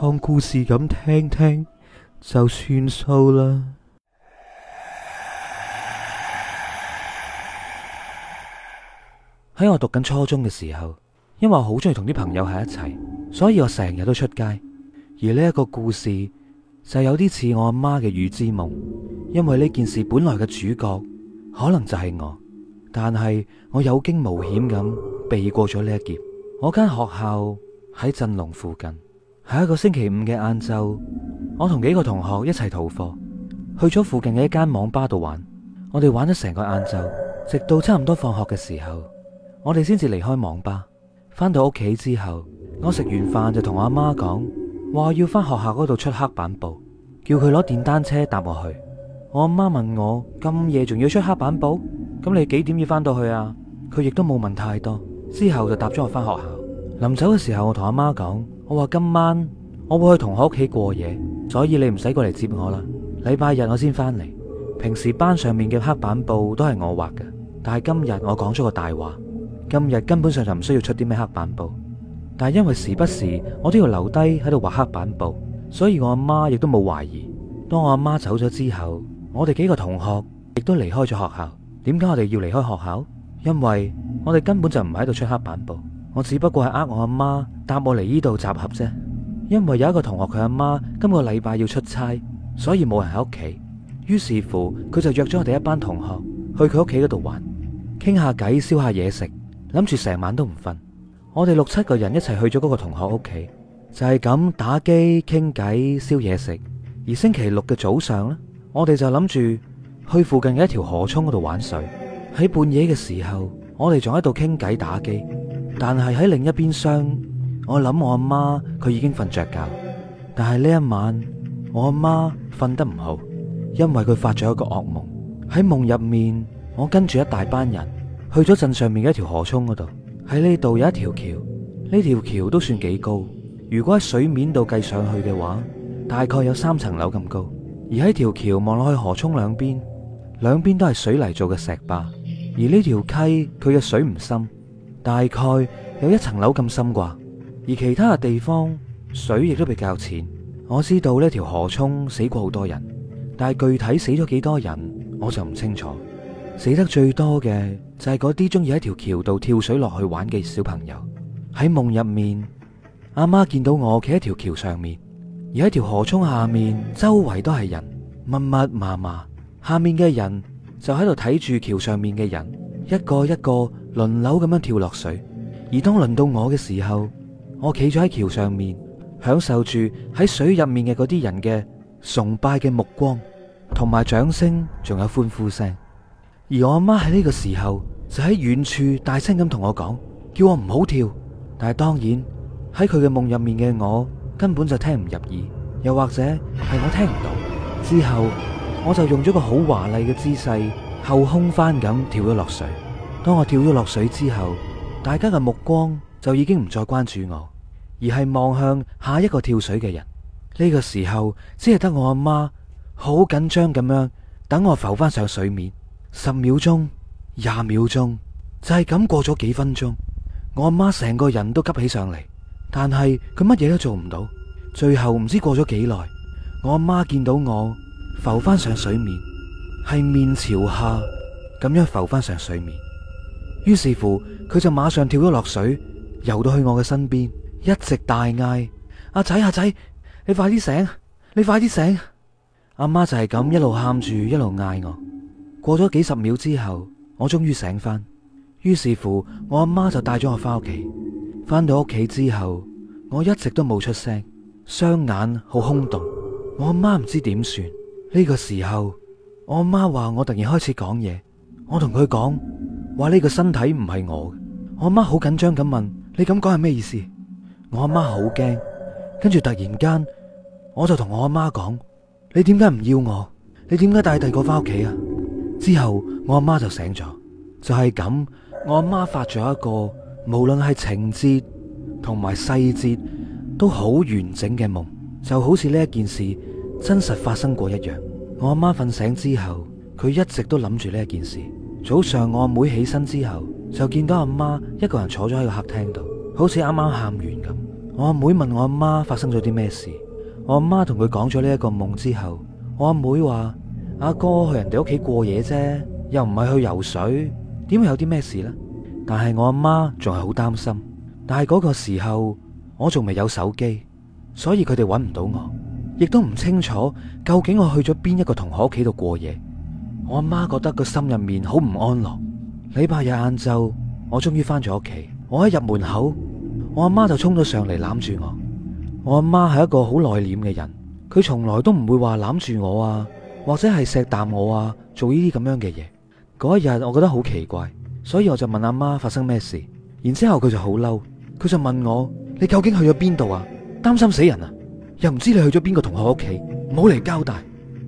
當故事咁聽聽就算數啦。喺我讀緊初中嘅時候，因為我好中意同啲朋友喺一齊，所以我成日都出街。而呢一個故事就有啲似我阿媽嘅預知夢，因為呢件事本來嘅主角可能就係我，但係我有驚無險咁避過咗呢一劫。我間學校喺鎮龍附近。喺一個星期五嘅晏晝，我同幾個同學一齊逃課，去咗附近嘅一間網吧度玩。我哋玩咗成個晏晝，直到差唔多放學嘅時候，我哋先至離開網吧。翻到屋企之後，我食完飯就同我阿媽講，話要翻學校嗰度出黑板報，叫佢攞電單車搭我去。我阿媽問我咁夜仲要出黑板報？咁你幾點要翻到去啊？佢亦都冇問太多，之後就搭咗我翻學校。臨走嘅時候，我同阿媽講。我話今晚我會去同學屋企過夜，所以你唔使過嚟接我啦。禮拜日我先翻嚟。平時班上面嘅黑板報都係我畫嘅，但係今日我講咗個大話，今日根本上就唔需要出啲咩黑板報。但係因為時不時我都要留低喺度畫黑板報，所以我阿媽亦都冇懷疑。當我阿媽走咗之後，我哋幾個同學亦都離開咗學校。點解我哋要離開學校？因為我哋根本就唔喺度出黑板報。我只不過係呃我阿媽，搭我嚟呢度集合啫。因為有一個同學佢阿媽今個禮拜要出差，所以冇人喺屋企。於是乎，佢就約咗我哋一班同學去佢屋企嗰度玩，傾下偈，燒下嘢食，諗住成晚都唔瞓。我哋六七個人一齊去咗嗰個同學屋企，就係咁打機、傾偈、燒嘢食。而星期六嘅早上咧，我哋就諗住去附近嘅一條河涌嗰度玩水。喺半夜嘅時候，我哋仲喺度傾偈打機。但係喺另一邊廂，我諗我阿媽佢已經瞓着覺。但係呢一晚，我阿媽瞓得唔好，因為佢發咗一個噩夢。喺夢入面，我跟住一大班人去咗鎮上面嘅一條河涌嗰度。喺呢度有一條橋，呢條橋都算幾高。如果喺水面度計上去嘅話，大概有三層樓咁高。而喺條橋望落去河涌兩邊，兩邊都係水泥做嘅石壩，而呢條溪佢嘅水唔深。大概有一層樓咁深啩，而其他嘅地方水亦都比較淺。我知道呢條河涌死過好多人，但係具體死咗幾多人我就唔清楚。死得最多嘅就係嗰啲中意喺條橋度跳水落去玩嘅小朋友。喺夢入面，阿媽見到我企喺條橋上面，而喺條河涌下面，周圍都係人，密密麻麻，下面嘅人就喺度睇住橋上面嘅人，一個一個。輪流咁樣跳落水，而當輪到我嘅時候，我企咗喺橋上面，享受住喺水入面嘅嗰啲人嘅崇拜嘅目光，同埋掌聲，仲有歡呼聲。而我阿媽喺呢個時候就喺遠處大聲咁同我講，叫我唔好跳。但係當然喺佢嘅夢入面嘅我，根本就聽唔入耳，又或者係我聽唔到。之後我就用咗個好華麗嘅姿勢，後空翻咁跳咗落水。當我跳咗落水之後，大家嘅目光就已經唔再關注我，而係望向下一個跳水嘅人。呢個時候，只係得我阿媽好緊張咁樣等我浮翻上水面。十秒鐘、廿秒鐘，就係咁過咗幾分鐘。我阿媽成個人都急起上嚟，但係佢乜嘢都做唔到。最後唔知過咗幾耐，我阿媽見到我浮翻上水面，係面朝下咁樣浮翻上水面。於是乎，佢就馬上跳咗落水，游到去我嘅身邊，一直大嗌：阿仔，阿仔，你快啲醒！你快啲醒！阿媽就係咁一路喊住，一路嗌我。過咗幾十秒之後，我終於醒翻。於是乎，我阿媽就帶咗我翻屋企。翻到屋企之後，我一直都冇出聲，雙眼好空洞。我阿媽唔知點算。呢個時候，我阿媽話我突然開始講嘢，我同佢講。話呢個身體唔係我，我阿媽好緊張咁問：你咁講係咩意思？我阿媽好驚，跟住突然間我就同我阿媽講：你點解唔要我？你點解帶第二個翻屋企啊？之後我阿媽就醒咗，就係咁，我阿媽發咗一個無論係情節同埋細節都好完整嘅夢，就好似呢一件事真實發生過一樣。我阿媽瞓醒之後，佢一直都諗住呢一件事。早上我阿妹起身之後，就見到阿媽一個人坐咗喺個客廳度，好似啱啱喊完咁。我阿妹問我阿媽發生咗啲咩事，我阿媽同佢講咗呢一個夢之後，我阿妹話阿哥去人哋屋企過夜啫，又唔係去游水，點會有啲咩事呢？但係我阿媽仲係好擔心，但係嗰個時候我仲未有手機，所以佢哋揾唔到我，亦都唔清楚究竟我去咗邊一個同學屋企度過夜。我阿媽覺得個心入面好唔安樂。禮拜日晏晝，我終於翻咗屋企。我一入門口，我阿媽就衝咗上嚟攬住我。我阿媽係一個好內斂嘅人，佢從來都唔會話攬住我啊，或者係錫啖我啊，做呢啲咁樣嘅嘢。嗰一日，我覺得好奇怪，所以我就問阿媽發生咩事。然之後佢就好嬲，佢就問我，你究竟去咗邊度啊？擔心死人啊？又唔知你去咗邊個同學屋企，冇嚟交代。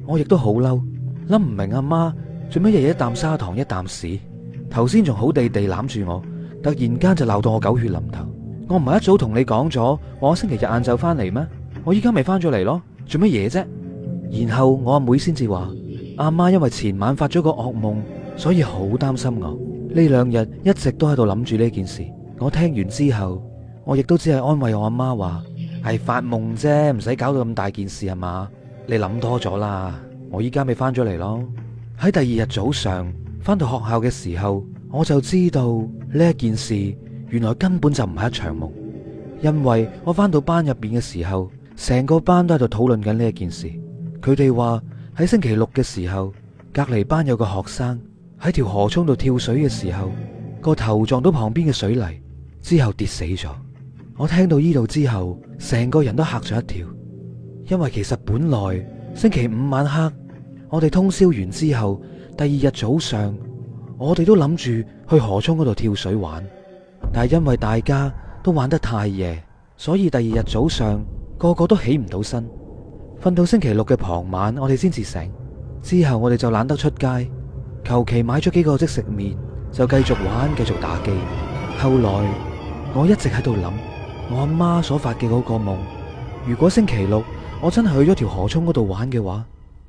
我亦都好嬲。諗唔明阿媽做咩日日一啖砂糖一啖屎，頭先仲好地地攬住我，突然間就鬧到我狗血淋頭。我唔係一早同你講咗，話我星期日晏晝翻嚟咩？我依家咪翻咗嚟咯，做乜嘢啫？然後我阿妹先至話阿媽因為前晚發咗個惡夢，所以好擔心我。呢兩日一直都喺度諗住呢件事。我聽完之後，我亦都只係安慰我阿媽話係發夢啫，唔使搞到咁大件事係嘛？你諗多咗啦。我依家咪翻咗嚟咯。喺第二日早上翻到學校嘅時候，我就知道呢一件事原來根本就唔係一場夢，因為我翻到班入邊嘅時候，成個班都喺度討論緊呢一件事。佢哋話喺星期六嘅時候，隔籬班有個學生喺條河涌度跳水嘅時候，個頭撞到旁邊嘅水泥之後跌死咗。我聽到呢度之後，成個人都嚇咗一跳，因為其實本來星期五晚黑。我哋通宵完之後，第二日早上，我哋都諗住去河涌嗰度跳水玩，但係因為大家都玩得太夜，所以第二日早上個個都起唔到身，瞓到星期六嘅傍晚，我哋先至醒。之後我哋就懶得出街，求其買咗幾個即食麵就繼續玩，繼續打機。後來我一直喺度諗，我阿媽所發嘅嗰個夢，如果星期六我真係去咗條河涌嗰度玩嘅話。